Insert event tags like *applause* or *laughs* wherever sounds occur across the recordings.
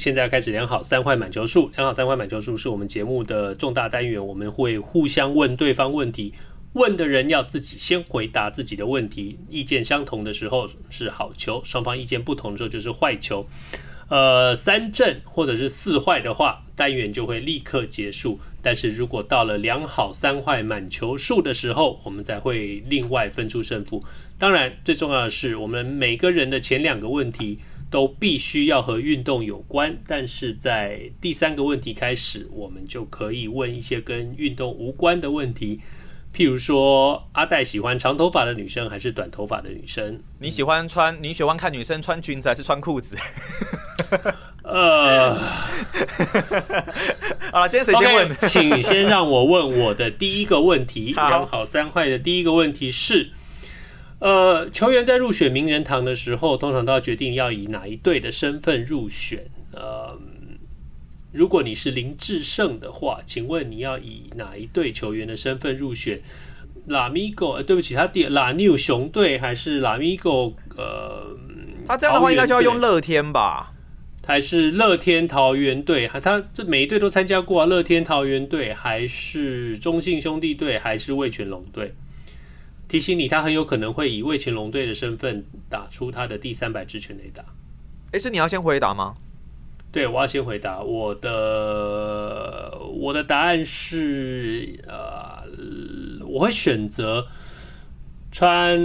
現在要開始兩好三壞滿球數，兩好三壞滿球數是我們節目的重大單元，我們會互相問對方問題，問的人要自己先回答自己的問題，意見相同的時候是好球，雙方意見不同的時候就是壞球，呃，三振或者是四壞的話，單元就會立刻結束，但是如果到了兩好三壞滿球數的時候，我們才會另外分出勝負，當然最重要的是我們每個人的前兩個問題。都必須要和運動有關，但是在第三個問題開始，我們就可以問一些跟運動無關的問題，譬如說，阿戴喜歡長頭髮的女生還是短頭髮的女生？你喜歡穿？你喜歡看女生穿裙子還是穿褲子？呃、嗯， *laughs* *laughs* *laughs* *laughs* 今天誰先問？Okay, 請先讓我問我的第一個問題，兩 *laughs* 好三壞的第一個問題是。呃，球員在入選名人堂的時候，通常都要決定要以哪一隊的身份入選。呃，如果你是林智勝的話，請問你要以哪一隊球員的身份入選？Lamigo，呃，對不起，他第 La New 熊隊，還是 Lamigo？呃，他這樣的話應該就要用樂天吧？還是樂天桃猿隊？他這每一隊都參加過啊，樂天桃猿隊還是中信兄弟隊還是味全龍隊？提醒你，他很有可能會以味全龍隊的身份打出他的第三百支全壘打。哎、欸，是你要先回答嗎？對，我要先回答。我的我的答案是，呃，我會選擇穿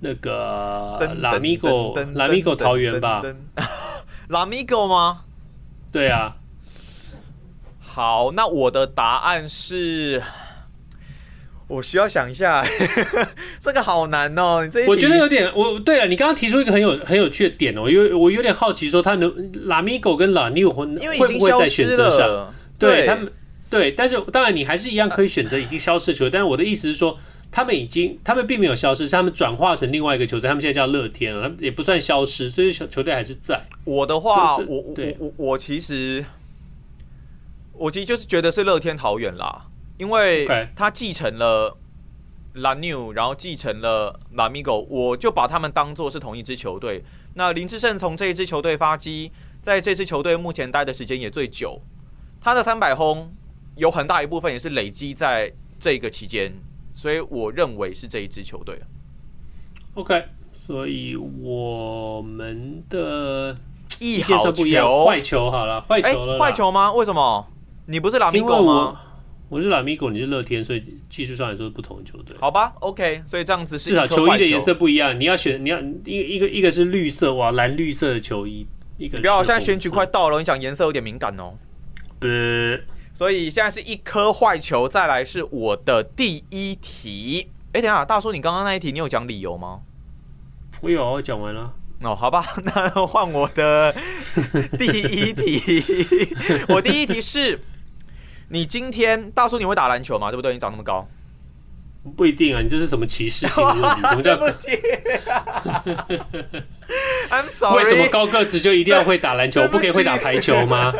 那個 Lamigo, 噔噔噔噔噔噔噔 *laughs* 拉米狗，拉米狗桃猿吧？拉米狗嗎？對啊。好，那我的答案是。我需要想一下呵呵，這個好難哦。你這一題我覺得有點，我對了，你剛剛提出一個很有很有趣的點哦，因為我有點好奇，說他能拉米狗跟 La New 會不會在選擇上，因為已經消失了對他們，對，但是當然你還是一樣可以選擇已經消失的球隊，呃，但是我的意思是說，他們已經他們並沒有消失，是他們轉化成另外一個球隊，他們現在叫樂天了，他們也不算消失，所以球隊還是在。我的話，就我我我我其實我其實就是覺得是樂天桃猿啦。因為他繼承了、La New 然後繼承了拉米狗，我就把他們當做是同一支球隊。那林智勝從這一支球隊發迹，在這支球隊目前待的時間也最久，他的三百轟有很大一部分也是累積在這個期間，所以我認為是這一支球隊。OK，所以我們的一好有，壞球好了，壞球了，誒，壞球嗎？為什麼？你不是拉米狗嗎？我是拉米戈，你是樂天，所以技術上來說是不同的球隊。好吧，OK，所以這樣子是球。至少球衣的顏色不一樣，你要選，你要一一個一個，一個是綠色哇，藍綠色的球衣。一個。你不要，現在選舉快到了，你講顏色有點敏感哦。不。所以現在是一顆壞球，再來是我的第一題。哎、欸，等下，大叔，你剛剛那一題你有講理由嗎？我有，我講完了。哦，好吧，那換我的第一題。 *laughs* *laughs* 我第一題是。你今天大叔，你會打籃球嗎？對不對？你長那麼高，不一定啊。你這是什麼歧視性？對不起，為什麼高個子就一定要會打籃球？ *laughs* 不可以會打排球嗎？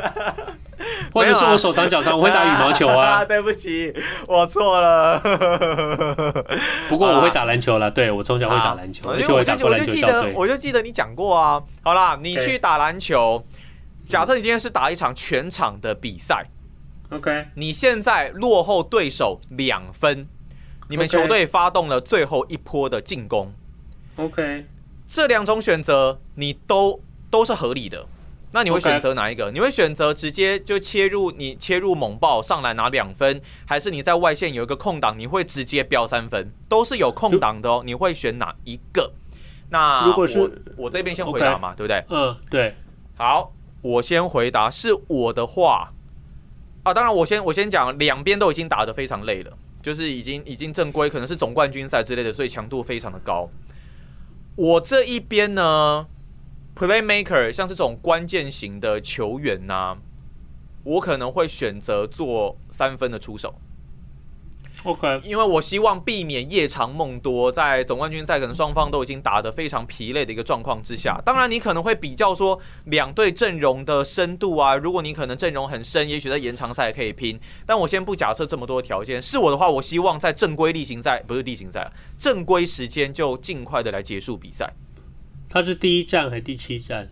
*laughs* 或者是我手長腳長、 *laughs* 啊，我會打羽毛球啊。 *laughs* 對不起，我錯了。 *laughs* 不過我會打籃球了，對，我從小會打籃球，而且我會打過籃球，我就記得，我就記得你講過啊。好啦，你去打籃球，假設你今天是打一場全場的比賽。嗯 OK，你現在落後對手兩分，okay. 你們球隊發動了最後一波的進攻。OK，這兩種選擇你都都是合理的，那你會選擇哪一個？Okay. 你會選擇直接就切入，你切入猛爆上籃拿兩分，還是你在外線有一個空檔，你會直接飆三分？都是有空檔的哦，你會選哪一個？那我我，我這邊先回答嘛，okay. 對不對？嗯、呃，對。好，我先回答，是我的話。啊，當然我先，我先我先講，兩邊都已經打得非常累了，就是已經已經正規，可能是總冠軍賽之類的，所以強度非常的高。我這一邊呢，Playmaker 像這種關鍵型的球員呢啊，我可能會選擇做三分的出手。OK，因為我希望避免夜長夢多，在總冠軍賽可能雙方都已經打得非常疲累的一個狀況之下，當然你可能會比較說兩隊陣容的深度啊，如果你可能陣容很深，也許在延長賽可以拼，但我先不假設這麼多條件。是我的話，我希望在正規例行賽，不是例行賽，正規時間就儘快的來結束比賽。他是第一站還是第七站？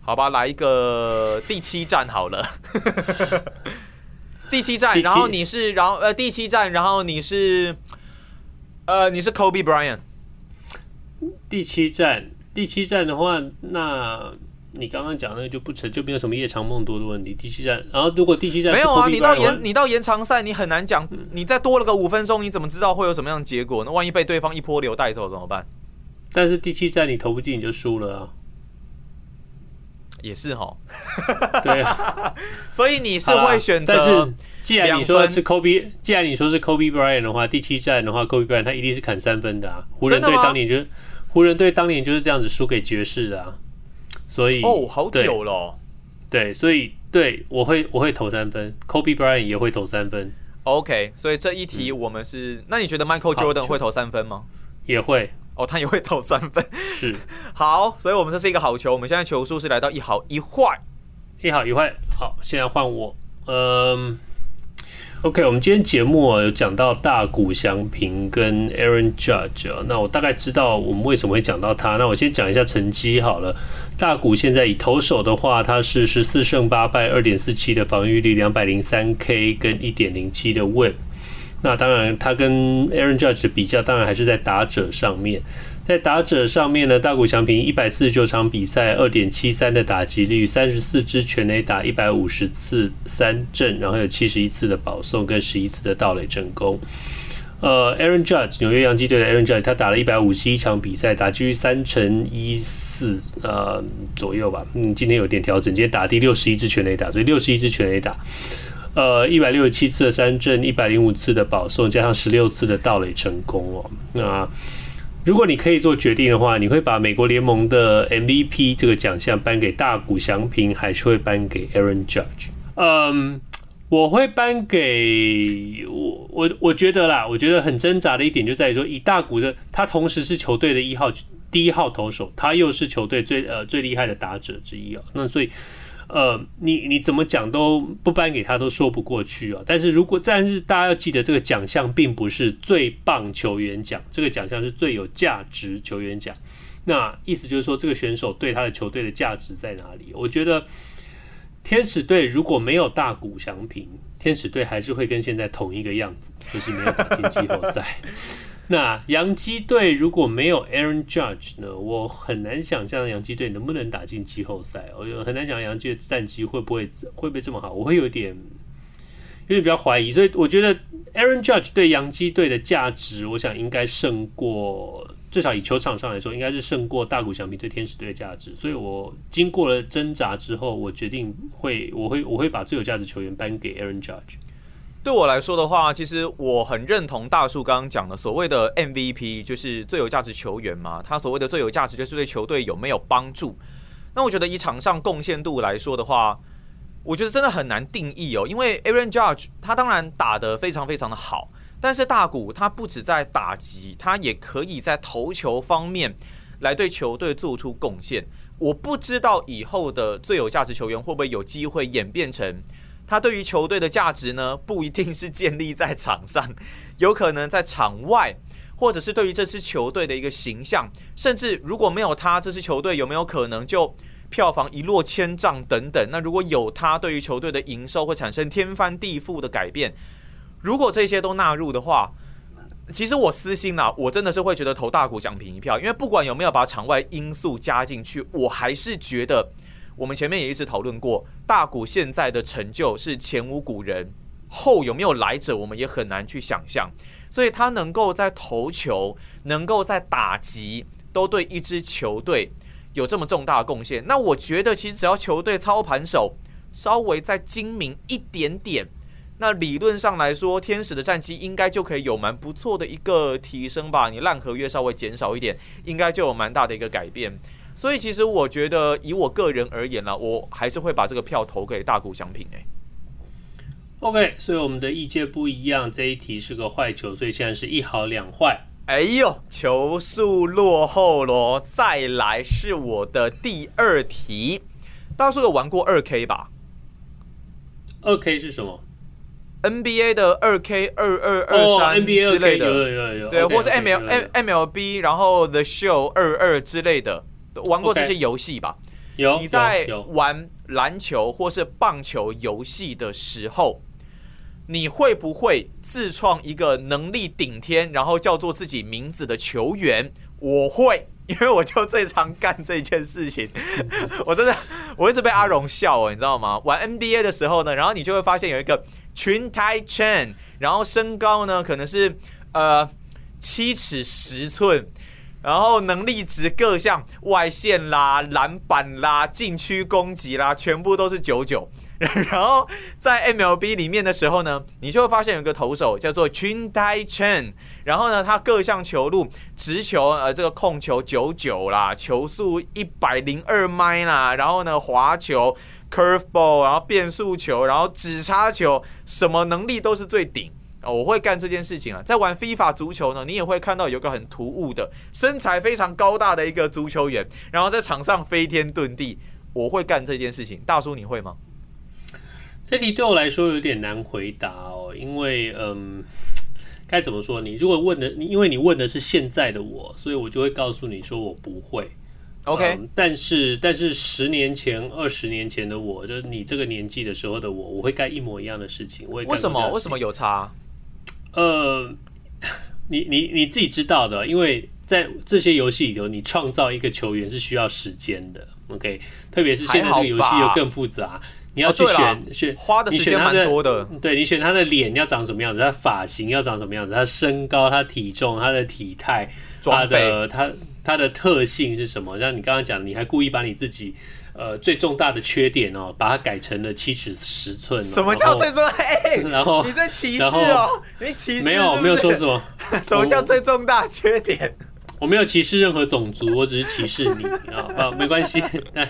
好吧，來一個第七站好了。 *laughs* 第七站，然後你是，然後呃，第七站，然後你是，呃，你是 Kobe Bryant。第七站，第七站的話，那你剛剛講那個就不成，就沒有什麼夜長夢多的問題。第七站，然後如果第七站沒有啊，你到延你到延長賽，你很難講，嗯，你再多了個五分鐘，你怎麼知道會有什麼樣的結果呢？萬一被對方一波流帶走怎麼辦？但是第七站你投不進你就輸了啊。也是哈 *laughs* 對、啊，對 *laughs* ，所以你是會選擇？但是既然你說的是 Kobe，既然你說是 Kobe Bryant 的話，第七戰的話，Kobe Bryant 他一定是砍三分的啊！湖人隊當年就是湖人隊當年就是這樣子輸給爵士的啊！所以哦，好久了、哦對，對，所以對我會我會投三分，Kobe Bryant 也會投三分。OK，所以這一題我們是、嗯、那你覺得 Michael Jordan 會投三分嗎？也會。哦，他也會投三分，是。好，所以我們這是一個好球。我們現在球數是來到一好一壞，一好一壞，好，現在換我，um。嗯，OK，我們今天節目啊有講到大谷翔平跟 Aaron Judge 啊，那我大概知道我們為什麼會講到他。那我先講一下成績好了，大谷現在以投手的話，他是十四勝八敗，二點四七的防禦率，兩百零三 K 跟一點零七的 Win。那、啊、當然，他跟 Aaron Judge 比較，當然還是在打者上面。在打者上面呢，大谷翔平一百四十九場比賽，二點七三的打擊率，三十四支全壘打，一百五十次三振，然後有七十一次的保送，跟十一次的盜壘成功。呃，Aaron Judge 紐約洋基隊的 Aaron Judge，他打了一百五十一場比賽，打擊率三成一四，呃，左右吧。嗯，今天有點調整，今天打第六十一支全壘打，所以六十一支全壘打。呃，一百六十七次的三振，一百零五次的保送，加上十六次的盜壘成功哦。那如果你可以做決定的話，你會把美國聯盟的 MVP 這個獎項頒給大谷翔平，還是會頒給 Aaron Judge？嗯，我會頒給，我我我覺得啦，我覺得很掙扎的一點就在於說，以大谷的，他同時是球隊的一號第一號投手，他又是球隊最呃最厲害的打者之一哦。那所以。呃，你你怎麼講都不頒給他都說不過去啊！但是如果，但是大家要記得，這個獎項並不是最棒球員獎，這個獎項是最有價值球員獎。那意思就是說，這個選手對他的球隊的價值在哪裡？我覺得，天使隊如果沒有大谷翔平，天使隊還是會跟現在同一個樣子，就是沒有打進季後賽。 *laughs* 那洋基隊如果沒有 Aaron Judge 呢？我很難想象洋基隊能不能打進季後賽。我很難想像洋基隊戰績會不會會不會這麼好。我會有點有點比較懷疑。所以我覺得 Aaron Judge 對洋基隊的價值，我想應該勝過，至少以球場上來說，應該是勝過大谷翔平對天使隊的價值。所以，我經過了掙扎之後，我決定會我會我會把最有價值球員頒給 Aaron Judge。對我來說的話，其實我很認同大樹剛剛講的所謂的 MVP，就是最有價值球員嘛。他所謂的最有價值，就是對球隊有沒有幫助。那我覺得以場上貢獻度來說的話，我覺得真的很難定義哦。因為 Aaron Judge 他當然打得非常非常的好，但是大谷他不只在打擊，他也可以在投球方面來對球隊做出貢獻。我不知道以後的最有價值球員會不會有機會演變成。他對於球隊的價值呢，不一定是建立在場上，有可能在場外，或者是對於這支球隊的一個形象，甚至如果沒有他，這支球隊有沒有可能就票房一落千丈等等？那如果有他，對於球隊的營收會產生天翻地覆的改變。如果這些都納入的話，其實我私心吶，我真的是會覺得投大谷翔平一票，因為不管有沒有把場外因素加進去，我還是覺得。我們前面也一直討論過，大谷現在的成就是前無古人，後有沒有來者我們也很難去想象。所以他能夠在投球，能夠在打擊，都對一支球隊有這麼重大的貢獻。那我覺得，其實只要球隊操盤手稍微再精明一點點，那理論上來說，天使的戰績應該就可以有蠻不錯的一個提升吧。你爛合約稍微減少一點，應該就有蠻大的一個改變。所以其實我覺得，以我個人而言呢，我還是會把這個票投給大谷翔平、欸。哎，OK，所以我們的意見不一樣，這一題是個壞球，所以現在是一好兩壞。哎呦，球速落後嘍！再來是我的第二題，大家說有玩過二 K 吧？二、okay, K 是什麼？NBA 的二 K 二二二三，NBA 二 K 的 2K, 有有有有，對，okay, 或是 MLMMLB，、okay, okay, 然後 The Show 二二之類的。玩過這些遊戲吧？有你在玩籃球或是棒球遊戲的時候，你會不會自創一個能力頂天，然後叫做自己名字的球員？我會，因為我就最常幹這件事情。我真的，我一直被阿榮笑哦，欸，你知道嗎？玩 NBA 的時候呢，然後你就會發現有一個群 Tai Chen，然後身高呢可能是呃七尺十寸。然後能力值各項外線啦、籃板啦、禁區攻擊啦，全部都是九九。然後在 MLB 裡面的時候呢，你就會發現有個投手叫做 Chin Tai Chen，然後呢他各項球路、直球、呃這個控球九九啦，球速一百零二邁啦，然後呢滑球 Curveball，然後變速球，然後指叉球，什麼能力都是最頂。啊、哦，我會幹這件事情啊！在玩 FIFA 足球呢，你也會看到有個很突兀的身材非常高大的一個足球員，然後在場上飛天遁地。我會幹這件事情，大叔，你會嗎？這題對我來說有點難回答哦，因為嗯，該怎麼說？你如果問的，因為你問的是現在的我，所以我就會告訴你說我不會。OK，、嗯、但是但是十年前、二十年前的我，就是你這個年紀的時候的我，我會幹一模一樣的事情。我會幹事情為什麼？為什麼有差、啊？呃，你你你自己知道的，因為在這些遊戲裡頭，你創造一個球員是需要時間的，OK，特別是現在這個遊戲又更複雜，你要去選，啊、選花的時間蠻多的，你選他的，對，你選他的臉要長什麼樣子，他髮型要長什麼樣子，他身高、他體重、他的體態、他的他他的特性是什麼？像你剛剛講，你還故意把你自己。呃，最重大的缺點哦，把它改成了七尺十寸、哦。什麼叫最重大？然後你在歧視哦，你歧視？沒有，沒有說什麼。什麼叫最重大缺點？我，我沒有歧視任何種族，我只是歧視你啊！啊、 *laughs* 哦，沒關係。那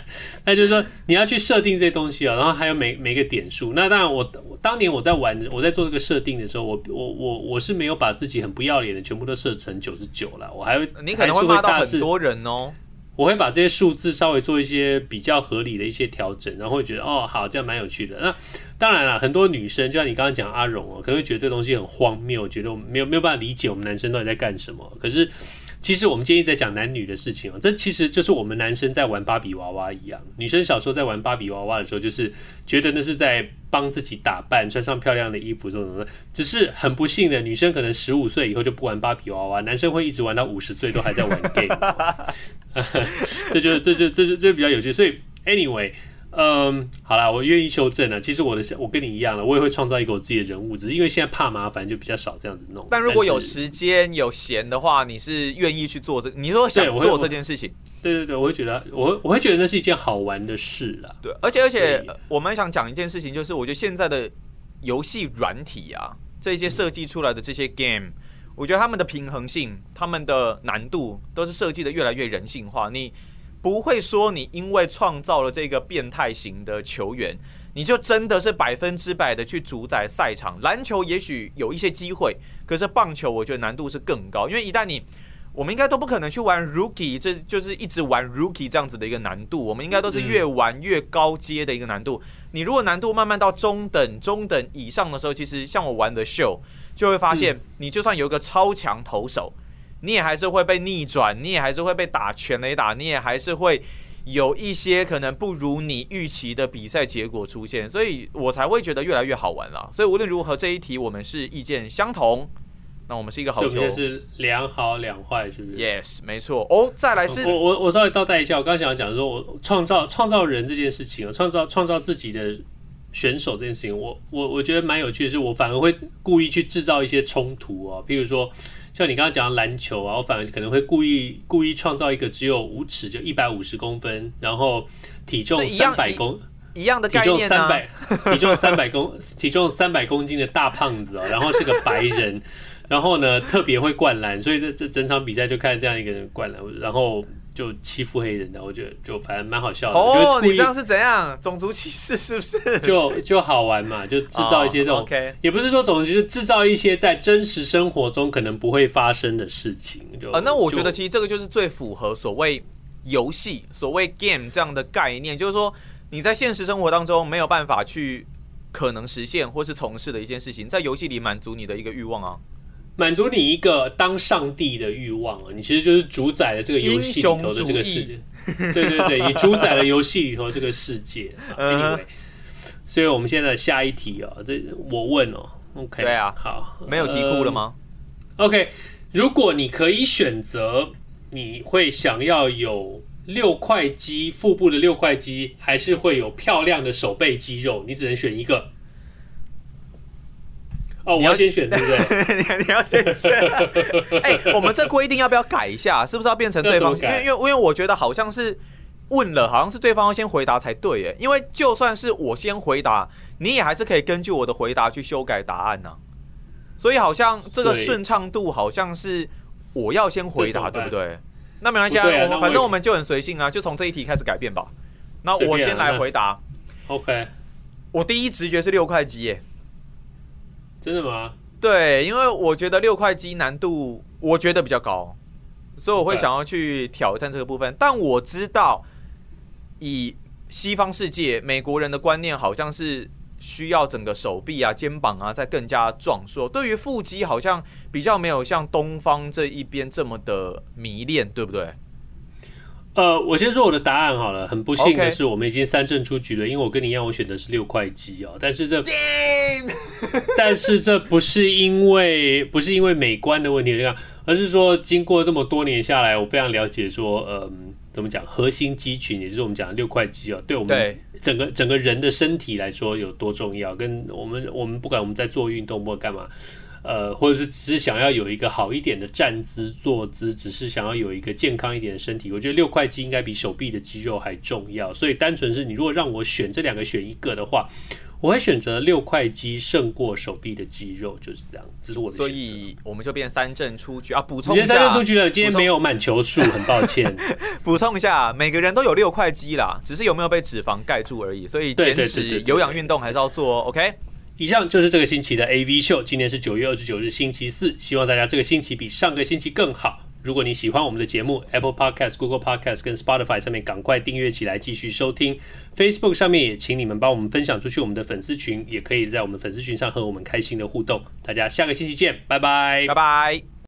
那就是說你要去設定這些東西啊、哦，然後還有每每個點數。那當然我當年我在玩，我在做這個設定的時候，我我我我是沒有把自己很不要臉的全部都設成九十九了。我還會你可能會罵到很多人哦。我會把這些數字稍微做一些比較合理的一些調整，然後覺得哦，好，這樣蠻有趣的。那當然啦，很多女生就像你剛剛講阿榮哦，可能會覺得這東西很荒謬，覺得我們沒有沒有辦法理解我們男生到底在幹什麼。可是其實我們今天一直在講男女的事情啊、哦，這其實就是我們男生在玩芭比娃娃一樣。女生小時候在玩芭比娃娃的時候，就是覺得那是在幫自己打扮，穿上漂亮的衣服的，這種只是很不幸的，女生可能十五歲以後就不玩芭比娃娃，男生會一直玩到五十歲都還在玩 game 娃娃。 *laughs* *laughs* 這就這就這就這就比較有趣，所以 anyway，嗯，好啦，我願意修正了啊。其實我的我跟你一樣了，我也會創造一個我自己的人物，只是因為現在怕麻煩，就比較少這樣子弄。但如果有時間有閒的話，你是願意去做這？你說想做這件事情？對對，對對，我會覺得我會我會覺得那是一件好玩的事啊。對，而且而且我們想講一件事情，就是我覺得現在的遊戲軟體啊，這些設計出來的這些 game。我覺得他們的平衡性、他們的難度都是設計得越來越人性化。你不會說你因為創造了這個變態型的球員，你就真的是百分之百的去主宰賽場。籃球也許有一些機會，可是棒球我覺得難度是更高，因為一旦你。我們應該都不可能去玩 rookie，這就是一直玩 rookie 這樣子的一個難度。我們應該都是越玩越高階的一個難度。嗯、你如果難度慢慢到中等，中等以上的時候，其實像我玩的 The Show，就會發現，嗯，你就算有一個超強投手，你也還是會被逆轉，你也還是會被打全壘打，你也還是會有一些可能不如你預期的比賽結果出現。所以我才會覺得越來越好玩啦。所以無論如何，這一題我們是意見相同。那我們是一個好球，就是兩好兩壞，是不是？Yes，沒錯。哦、oh，再來是我，我我我稍微倒帶一下，我剛想要講說，我創造創造人這件事情啊，創造創造自己的選手這件事情，我我我覺得蠻有趣的是，是我反而會故意去製造一些衝突哦、啊。比如說像你剛剛講的籃球啊，我反而可能會故意故意創造一個只有五尺就一百五十公分，然後體重三百公一樣，一樣的概念、啊，三百體重三百公體重三百公， *laughs* 公、公斤的大胖子哦、啊，然後是個白人。 *laughs* 然後呢，特別會灌籃，所以這這整場比賽就看這樣一個人灌籃，然後就欺負黑人的，我覺得就反正蠻好笑的。哦，你這樣是怎樣？種族歧視是不是？就就好玩嘛，就制造一些這種，哦 okay，也不是說種族就是制造一些在真實生活中可能不會發生的事情。就，就，呃，那我覺得其實這個就是最符合所謂遊戲所謂 game 這樣的概念，就是說你在現實生活當中沒有辦法去可能實現或是從事的一件事情，在遊戲裡滿足你的一個慾望啊。滿足你一個當上帝的慾望啊！你其實就是主宰了這個遊戲裡頭的這個世界， *laughs* 對對對，你主宰了遊戲裡頭這個世界、 *laughs* 啊。anyway 所以我們現在下一題哦，這我問哦，OK？對啊，好，沒有題庫了嗎、嗯、？OK，如果你可以選擇，你會想要有六塊肌，腹部的六塊肌，還是會有漂亮的手臂肌肉？你只能選一個。哦，我要先選是不是？ *laughs* 你要先選，對不對？你你要先選。哎，我們這規定要不要改一下？ *laughs* 是不是要變成對方？因為因為因為我覺得好像是問了，好像是對方要先回答才對。耶。因為就算是我先回答，你也還是可以根據我的回答去修改答案呢、啊。所以好像這個順暢度好像是我要先回答，對不對？那沒關係啊、哎我，反正我們就很隨性啊，就從這一題開始改變吧。那我先來回答。啊、OK，我第一直覺是六塊肌耶。真的嗎？對，因為我覺得六塊肌難度我覺得比較高，所以我會想要去挑戰這個部分。但我知道，以西方世界美國人的觀念，好像是需要整個手臂啊、肩膀啊再更加壯碩。對於腹肌，好像比較沒有像東方這一邊這麼的迷戀，對不對？呃，我先說我的答案好了。很不幸的是，我們已經三振出局了。Okay. 因為我跟你一樣，我選的是六塊肌哦、喔。但是這， *laughs* 但是這不是因為不是因為美觀的問題，而是說經過這麼多年下來，我非常了解說，嗯、呃，怎麼講，核心肌群也就是我們講的六塊肌哦、喔，對我們整個整個人的身體來說有多重要。跟我們我們不管我們在做運動或幹嘛。呃，或者是只是想要有一個好一點的站姿、坐姿，只是想要有一個健康一點的身體。我覺得六塊肌應該比手臂的肌肉還重要，所以單純是你如果讓我選這兩個選一個的話，我會選擇六塊肌勝過手臂的肌肉，就是這樣，這是我的選擇。所以我們就變三振出局啊！補充一下，三振出局了，今天沒有滿球數，很抱歉。補 *laughs* 充一下，每個人都有六塊肌啦，只是有沒有被脂肪蓋住而已。所以減脂、有氧運動還是要做，OK？以上就是這個星期的 AV Show。今天是九月二十九日，星期四。希望大家這個星期比上個星期更好。如果你喜歡我們的節目，Apple Podcast、Google Podcast 跟 Spotify 上面趕快訂閱起來，繼續收聽。Facebook 上面也請你們幫我們分享出去，我們的粉絲群也可以在我們粉絲群上和我們開心的互動。大家下個星期見，拜拜，拜拜。